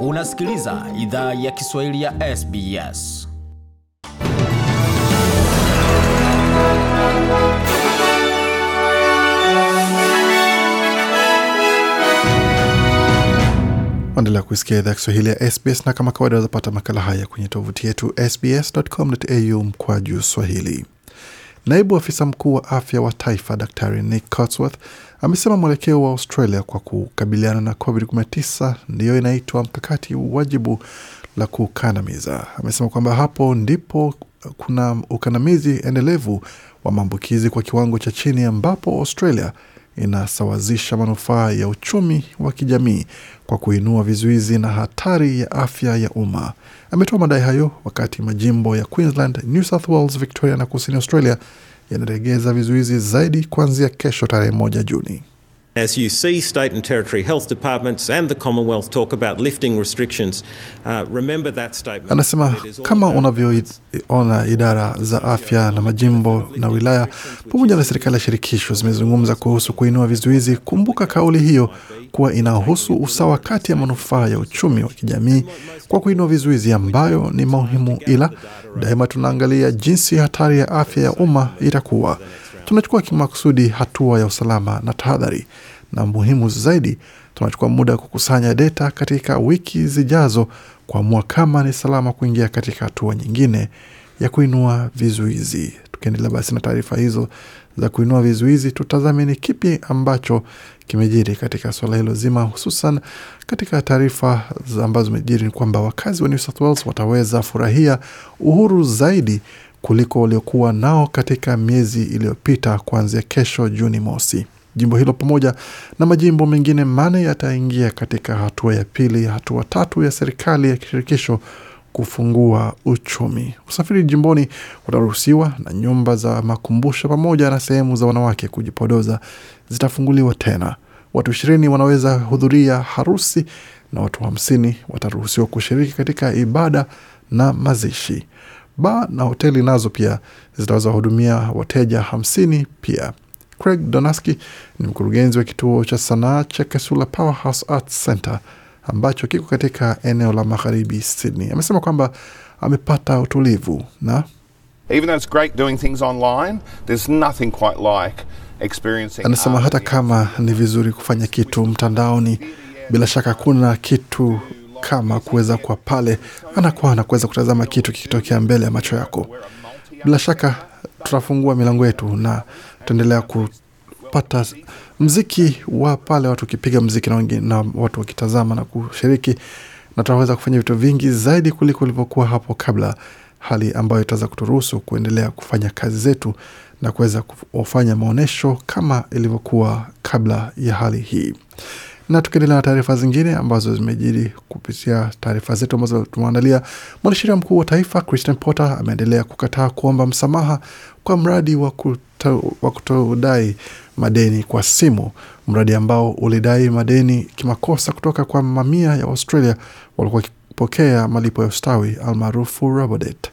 Unasikiliza idhaa ya Kiswahili ya SBS. Endelea kuisikia idhaa ya Kiswahili ya SBS na kama kawaida, wazapata makala haya kwenye tovuti yetu sbs.com.au mkwaju Swahili. Naibu afisa mkuu wa afya wa taifa Daktari Nick Cotsworth amesema mwelekeo wa Australia kwa kukabiliana na COVID-19 ndiyo inaitwa mkakati wajibu la kukandamiza. Amesema kwamba hapo ndipo kuna ukandamizi endelevu wa maambukizi kwa kiwango cha chini ambapo Australia inasawazisha manufaa ya uchumi wa kijamii kwa kuinua vizuizi na hatari ya afya ya umma. Ametoa madai hayo wakati majimbo ya Queensland, New South Wales, Victoria na kusini Australia yanaregeza vizuizi zaidi kuanzia kesho tarehe moja Juni. As you see state and territory health departments and the Commonwealth talk about lifting restrictions, uh, remember that statement. Anasema kama unavyoona idara za afya na majimbo na wilaya pamoja na serikali ya shirikisho zimezungumza kuhusu kuinua vizuizi, kumbuka kauli hiyo kuwa inahusu usawa kati ya manufaa ya uchumi wa kijamii kwa kuinua vizuizi ambayo ni muhimu, ila daima tunaangalia jinsi hatari ya afya ya umma itakuwa tunachukua kimakusudi hatua ya usalama na tahadhari, na muhimu zaidi, tunachukua muda wa kukusanya data katika wiki zijazo kuamua kama ni salama kuingia katika hatua nyingine ya kuinua vizuizi. Tukiendelea basi na taarifa hizo za kuinua vizuizi, tutazame ni kipi ambacho kimejiri katika suala hilo zima, hususan katika taarifa ambazo zimejiri ni kwamba wakazi wa New South Wales wataweza furahia uhuru zaidi kuliko waliokuwa nao katika miezi iliyopita kuanzia kesho Juni mosi. Jimbo hilo pamoja na majimbo mengine mane yataingia katika hatua ya pili, hatua tatu ya serikali ya kishirikisho kufungua uchumi. Usafiri jimboni utaruhusiwa na nyumba za makumbusho pamoja na sehemu za wanawake kujipodoza zitafunguliwa tena. Watu ishirini wanaweza hudhuria harusi na watu hamsini wataruhusiwa kushiriki katika ibada na mazishi. ba na hoteli nazo pia zitaweza wahudumia wateja hamsini pia. Craig Donaski ni mkurugenzi wa kituo cha sanaa cha Kesula Powerhouse Arts Center ambacho kiko katika eneo la magharibi Sydney. Amesema kwamba amepata utulivu na like anasema hata kama ni vizuri kufanya kitu mtandaoni, bila shaka kuna kitu kama kuweza kuwa pale ana kwa ana kuweza kutazama kitu kikitokea mbele ya macho yako. Bila shaka tutafungua milango yetu na tutaendelea kupata mziki wa pale, watu wakipiga mziki na, wengi, na watu wakitazama na kushiriki, na tunaweza kufanya vitu vingi zaidi kuliko ilivyokuwa hapo kabla, hali ambayo itaweza kuturuhusu kuendelea kufanya kazi zetu na kuweza kufanya maonyesho kama ilivyokuwa kabla ya hali hii. Na tukiendelea na taarifa zingine ambazo zimejiri kupitia taarifa zetu ambazo tumeandalia, mwanasheria mkuu wa taifa Christian Porter ameendelea kukataa kuomba msamaha kwa mradi wa wa kutodai madeni kwa simu, mradi ambao ulidai madeni kimakosa kutoka kwa mamia ya Australia walikuwa wakipokea malipo ya ustawi almaarufu Robodebt.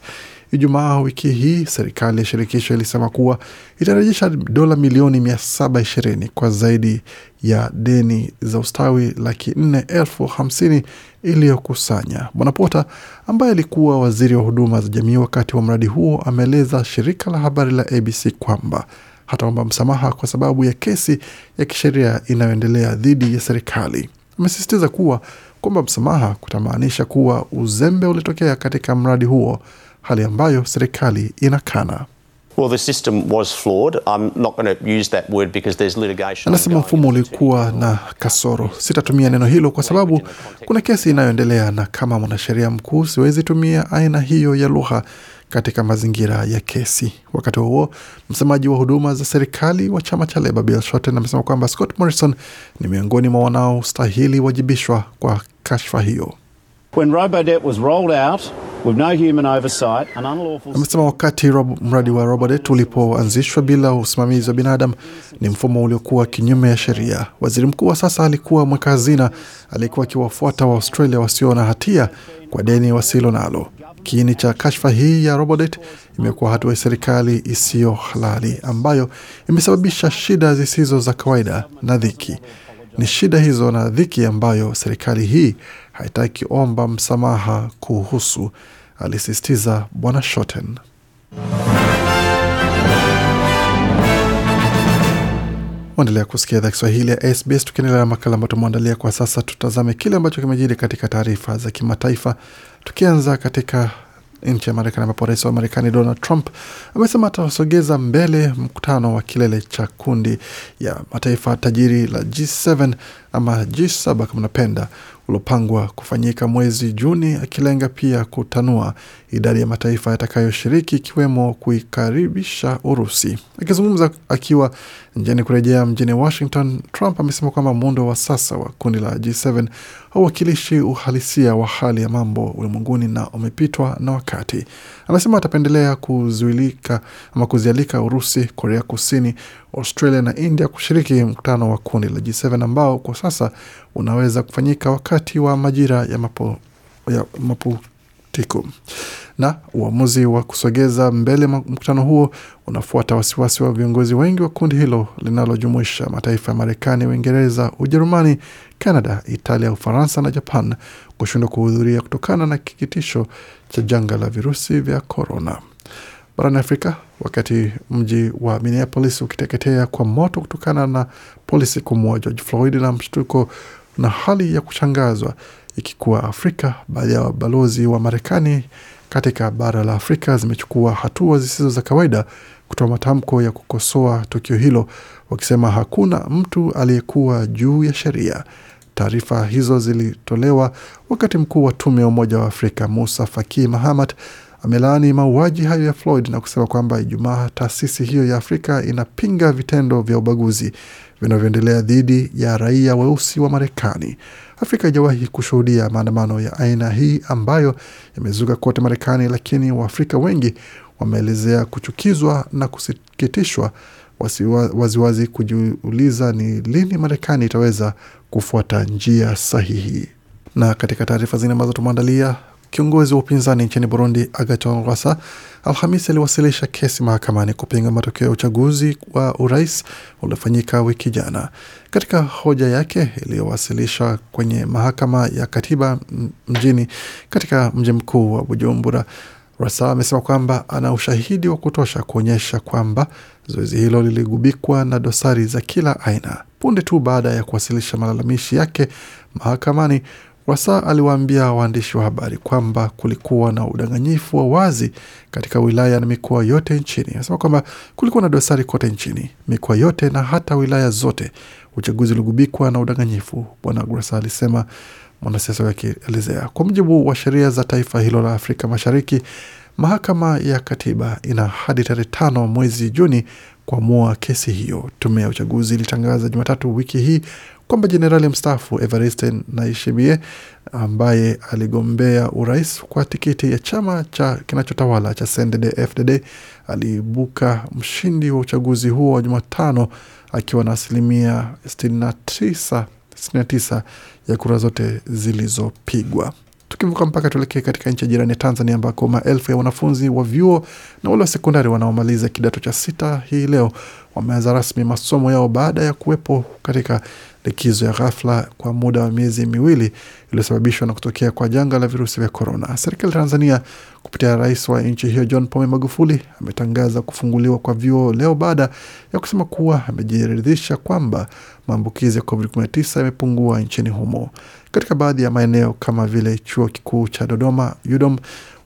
Ijumaa wiki hii, serikali ya shirikisho ilisema kuwa itarejesha dola milioni 720 kwa zaidi ya deni za ustawi laki nne elfu hamsini iliyokusanya. Bwana Pota ambaye alikuwa waziri wa huduma za jamii wakati wa mradi huo ameeleza shirika la habari la ABC kwamba hataomba msamaha kwa sababu ya kesi ya kisheria inayoendelea dhidi ya serikali. Amesisitiza kuwa kwamba msamaha kutamaanisha kuwa uzembe ulitokea katika mradi huo hali ambayo serikali inakana. Anasema mfumo ulikuwa na kasoro. Sitatumia neno hilo kwa sababu kuna kesi inayoendelea, na kama mwanasheria mkuu siwezi tumia aina hiyo ya lugha katika mazingira ya kesi. Wakati huo msemaji wa huduma za serikali wa chama cha Leba Bill Shorten amesema kwamba Scott Morrison ni miongoni mwa wanaostahili wajibishwa kwa kashfa hiyo. When Robodebt was rolled out, with no human oversight, an unlawful... Amesema wakati rob, mradi wa Robodebt ulipoanzishwa bila usimamizi wa binadamu ni mfumo uliokuwa kinyume ya sheria. Waziri mkuu wa sasa alikuwa mweka hazina, aliyekuwa akiwafuata wa Australia wasio na hatia kwa deni wasilo nalo. Kiini cha kashfa hii ya Robodebt imekuwa hatua ya serikali isiyo halali ambayo imesababisha shida zisizo za kawaida na dhiki. Ni shida hizo na dhiki ambayo serikali hii haitaki omba msamaha kuhusu, alisisitiza Bwana Shoten. Waendelea kusikia idhaa Kiswahili ya SBS. Tukiendelea na makala ambayo tumeandalia kwa sasa, tutazame kile ambacho kimejiri katika taarifa za kimataifa, tukianza katika nchi ya Marekani ambapo rais wa Marekani Donald Trump amesema atasogeza mbele mkutano wa kilele cha kundi ya mataifa tajiri la G7 ama G7 kama unapenda uliopangwa kufanyika mwezi Juni, akilenga pia kutanua idadi ya mataifa yatakayoshiriki ikiwemo kuikaribisha Urusi. Akizungumza akiwa Njiani kurejea mjini Washington, Trump amesema kwamba muundo wa sasa wa kundi la G7 hauwakilishi uhalisia wa hali ya mambo ulimwenguni na umepitwa na wakati. Amesema atapendelea kuzuilika ama kuzialika Urusi, Korea Kusini, Australia na India kushiriki mkutano wa kundi la G7 ambao kwa sasa unaweza kufanyika wakati wa majira ya ya mapu Tiku. Na uamuzi wa kusogeza mbele mkutano huo unafuata wasiwasi wa viongozi wengi wa kundi hilo linalojumuisha mataifa ya Marekani, Uingereza, Ujerumani, canada Italia, Ufaransa na Japan kushindwa kuhudhuria kutokana na kikitisho cha janga la virusi vya korona barani Afrika. Wakati mji wa Minneapolis ukiteketea kwa moto kutokana na polisi kumua George Floyd na mshtuko na hali ya kushangazwa ikikuwa Afrika. Baadhi ya balozi wa Marekani katika bara la Afrika zimechukua hatua zisizo za kawaida kutoa matamko ya kukosoa tukio hilo, wakisema hakuna mtu aliyekuwa juu ya sheria. Taarifa hizo zilitolewa wakati mkuu wa tume ya Umoja wa Afrika Musa Faki Mahamat amelaani mauaji hayo ya Floyd na kusema kwamba Ijumaa taasisi hiyo ya Afrika inapinga vitendo vya ubaguzi vinavyoendelea dhidi ya raia weusi wa Marekani. Afrika haijawahi kushuhudia maandamano ya aina hii ambayo yamezuka kote Marekani, lakini Waafrika wengi wameelezea kuchukizwa na kusikitishwa waziwazi wazi kujiuliza ni lini Marekani itaweza kufuata njia sahihi. Na katika taarifa zingine ambazo tumeandalia Kiongozi wa upinzani nchini Burundi, Agaton Rwasa, Alhamisi aliwasilisha kesi mahakamani kupinga matokeo ya uchaguzi wa urais uliofanyika wiki jana. Katika hoja yake iliyowasilishwa kwenye mahakama ya katiba mjini katika mji mkuu wa Bujumbura, Rasa amesema kwamba ana ushahidi wa kutosha kuonyesha kwamba zoezi hilo liligubikwa na dosari za kila aina. Punde tu baada ya kuwasilisha malalamishi yake mahakamani, Wasa aliwaambia waandishi wa habari kwamba kulikuwa na udanganyifu wa wazi katika wilaya na mikoa yote nchini. Anasema kwamba kulikuwa na dosari kote nchini, mikoa yote na hata wilaya zote. Uchaguzi uligubikwa na udanganyifu, Bwana Grasa alisema, mwanasiasa akielezea. Kwa mujibu wa sheria za taifa hilo la Afrika Mashariki, mahakama ya katiba ina hadi tarehe tano mwezi Juni kuamua kesi hiyo. Tume ya uchaguzi ilitangaza Jumatatu wiki hii kwamba jenerali mstaafu Evariste Ndayishimiye ambaye aligombea urais kwa tiketi ya chama cha kinachotawala cha CNDD-FDD aliibuka mshindi wa uchaguzi huo wa Jumatano akiwa na asilimia 69, 69 ya kura zote zilizopigwa. Tukivuka mpaka tuelekee katika nchi ya jirani ya Tanzania, ambako maelfu ya wanafunzi wa vyuo na wale wa sekondari wanaomaliza kidato cha sita hii leo wameanza rasmi masomo yao baada ya kuwepo katika likizo ya ghafla kwa muda wa miezi miwili iliyosababishwa na kutokea kwa janga la virusi vya korona. Serikali ya Tanzania kupitia rais wa nchi hiyo John Pombe Magufuli ametangaza kufunguliwa kwa vyuo leo baada ya kusema kuwa amejiridhisha kwamba maambukizi ya COVID-19 yamepungua nchini humo. Katika baadhi ya maeneo kama vile chuo kikuu cha Dodoma UDOM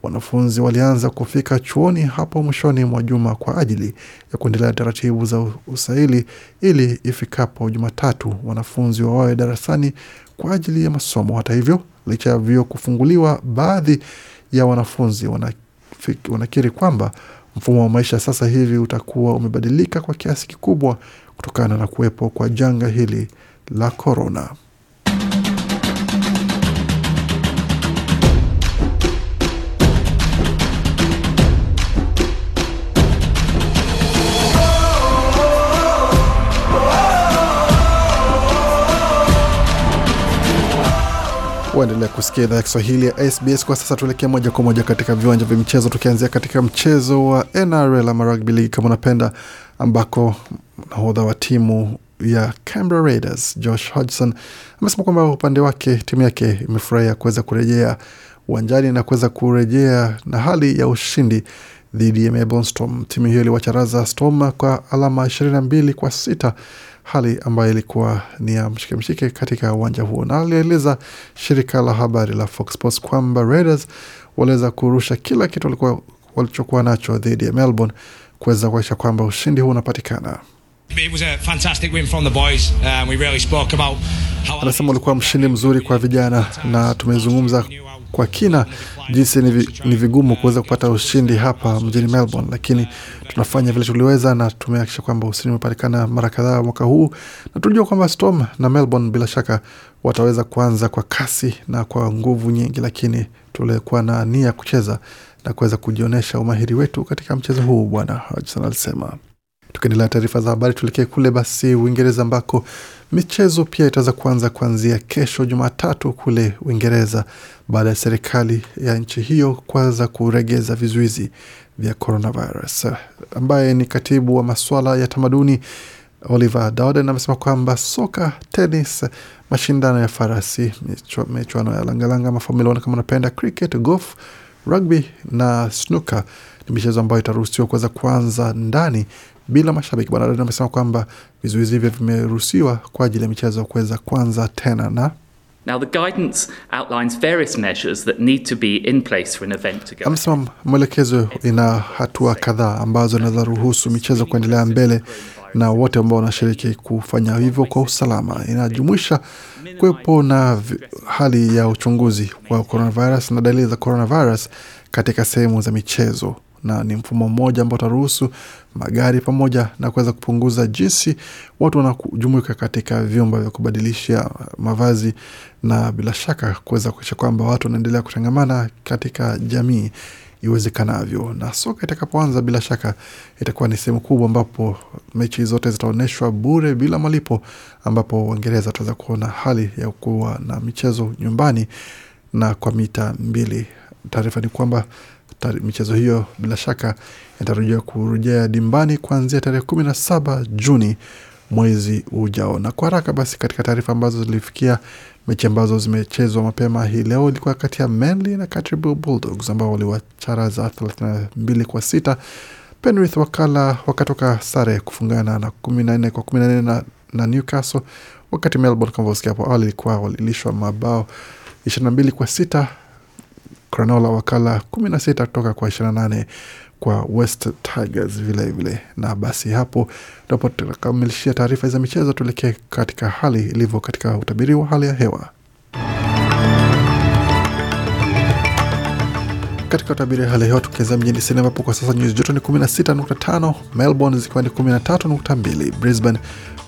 Wanafunzi walianza kufika chuoni hapo mwishoni mwa juma kwa ajili ya kuendelea taratibu za usaili ili ifikapo Jumatatu wanafunzi wawawe darasani kwa ajili ya masomo. Hata hivyo, licha ya vyuo kufunguliwa, baadhi ya wanafunzi wanakiri kwamba mfumo wa maisha sasa hivi utakuwa umebadilika kwa kiasi kikubwa kutokana na kuwepo kwa janga hili la korona. Waendelea kusikia idhaa ya Kiswahili ya SBS. Kwa sasa tuelekee moja kwa moja katika viwanja vya michezo, tukianzia katika mchezo wa NRL ama rugby league kama unapenda, ambako nahodha wa timu ya Canberra Raiders Josh Hodgson amesema kwamba upande wake timu yake imefurahia kuweza kurejea uwanjani na kuweza kurejea na hali ya ushindi dhidi ya Melbourne Storm. Timu hiyo iliwacharaza Storm kwa alama 22 kwa sita hali ambayo ilikuwa ni ya mshike mshike katika uwanja huo, na alieleza shirika la habari la Fox Sports kwamba Raiders waliweza kurusha kila kitu walikuwa walichokuwa nacho dhidi ya Melbourne kuweza kuakisha kwamba ushindi huu unapatikana. Anasema ulikuwa mshindi mzuri kwa vijana, na tumezungumza kwa kina jinsi ni vigumu kuweza kupata ushindi hapa mjini Melbourne, lakini tunafanya vile tuliweza na tumehakikisha kwamba ushindi umepatikana mara kadhaa mwaka huu, na tunajua kwamba Storm na Melbourne bila shaka wataweza kuanza kwa kasi na kwa nguvu nyingi, lakini tulikuwa na nia kucheza na kuweza kujionyesha umahiri wetu katika mchezo huu, Bwana Hodgson alisema. Tukiendelea taarifa za habari, tuelekee kule basi Uingereza ambako michezo pia itaweza kuanza kuanzia kesho Jumatatu kule Uingereza baada ya serikali ya nchi hiyo kuanza kuregeza vizuizi vya coronavirus. Ambaye ni katibu wa maswala ya tamaduni Oliver Dowden amesema kwamba soka, tenis, mashindano ya farasi, michuano ya langalanga ama Formula kama unapenda, cricket, golf, rugby na snuka ni michezo ambayo itaruhusiwa kuweza kuanza ndani bila mashabiki. Bwana Ronaldo amesema kwamba vizuizi hivyo vimeruhusiwa kwa ajili ya michezo kuweza kuanza tena na Amesema mwelekezo ina hatua kadhaa ambazo inaweza ruhusu michezo kuendelea mbele na wote ambao wanashiriki kufanya hivyo kwa usalama. Inajumuisha kuwepo na hali ya uchunguzi wa coronavirus na dalili za coronavirus katika sehemu za michezo na ni mfumo mmoja ambao utaruhusu magari pamoja na kuweza kupunguza jinsi watu wanajumuika katika vyumba vya kubadilisha mavazi, na bila shaka kuweza kuisha kwamba watu wanaendelea kutangamana katika jamii iwezekanavyo. Na soka itakapoanza, bila shaka itakuwa ni sehemu kubwa ambapo mechi zote zitaonyeshwa bure bila malipo, ambapo Uingereza wataweza kuona hali ya kuwa na michezo nyumbani na kwa mita mbili. Taarifa ni kwamba michezo hiyo bila shaka inatarajia kurejea dimbani kuanzia tarehe saba Juni mwezi ujao. Na kwa haraka basi, katika taarifa ambazo zilifikia mechi ambazo zimechezwa mapema hii leo ilikuwa kati ya Manly na Canterbury Bulldogs ambao waliwacharaza 32 kwa sita. Penrith wakala wakatoka sare kufungana na 14 kwa 14 na, na Newcastle, wakati Melbourne Cowboys hapo awali ilikuwa walilishwa mabao 22 kwa sita cronola wakala 16 kutoka kwa 28 kwa West Tigers vilevile vile. Na basi hapo tutakamilishia taarifa za michezo, tuelekee katika hali ilivyo katika utabiri wa hali ya hewa. Katika utabiri hali hewa tukianzia mjini Sydney ambapo kwa sasa nyuzi joto ni 16.5, Melbourne zikiwa ni 13.2, Brisbane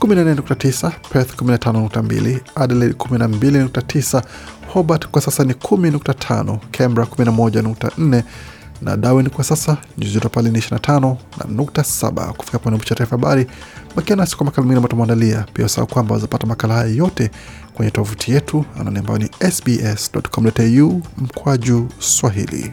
14.9, Perth 15.2, Adelaide 12.9, Hobart kwa sasa ni 10.5, Canberra 11.4 na Darwin kwa sasa nyuzi joto pale ni 25 na nukta saba. Kufika pone mwisho taarifa habari, bakia nasi kwa makala mengine ambayo tumeandalia. Pia usahau kwamba wazapata makala haya yote kwenye tovuti yetu anani ambayo ni sbs.com.au mkwaju Swahili.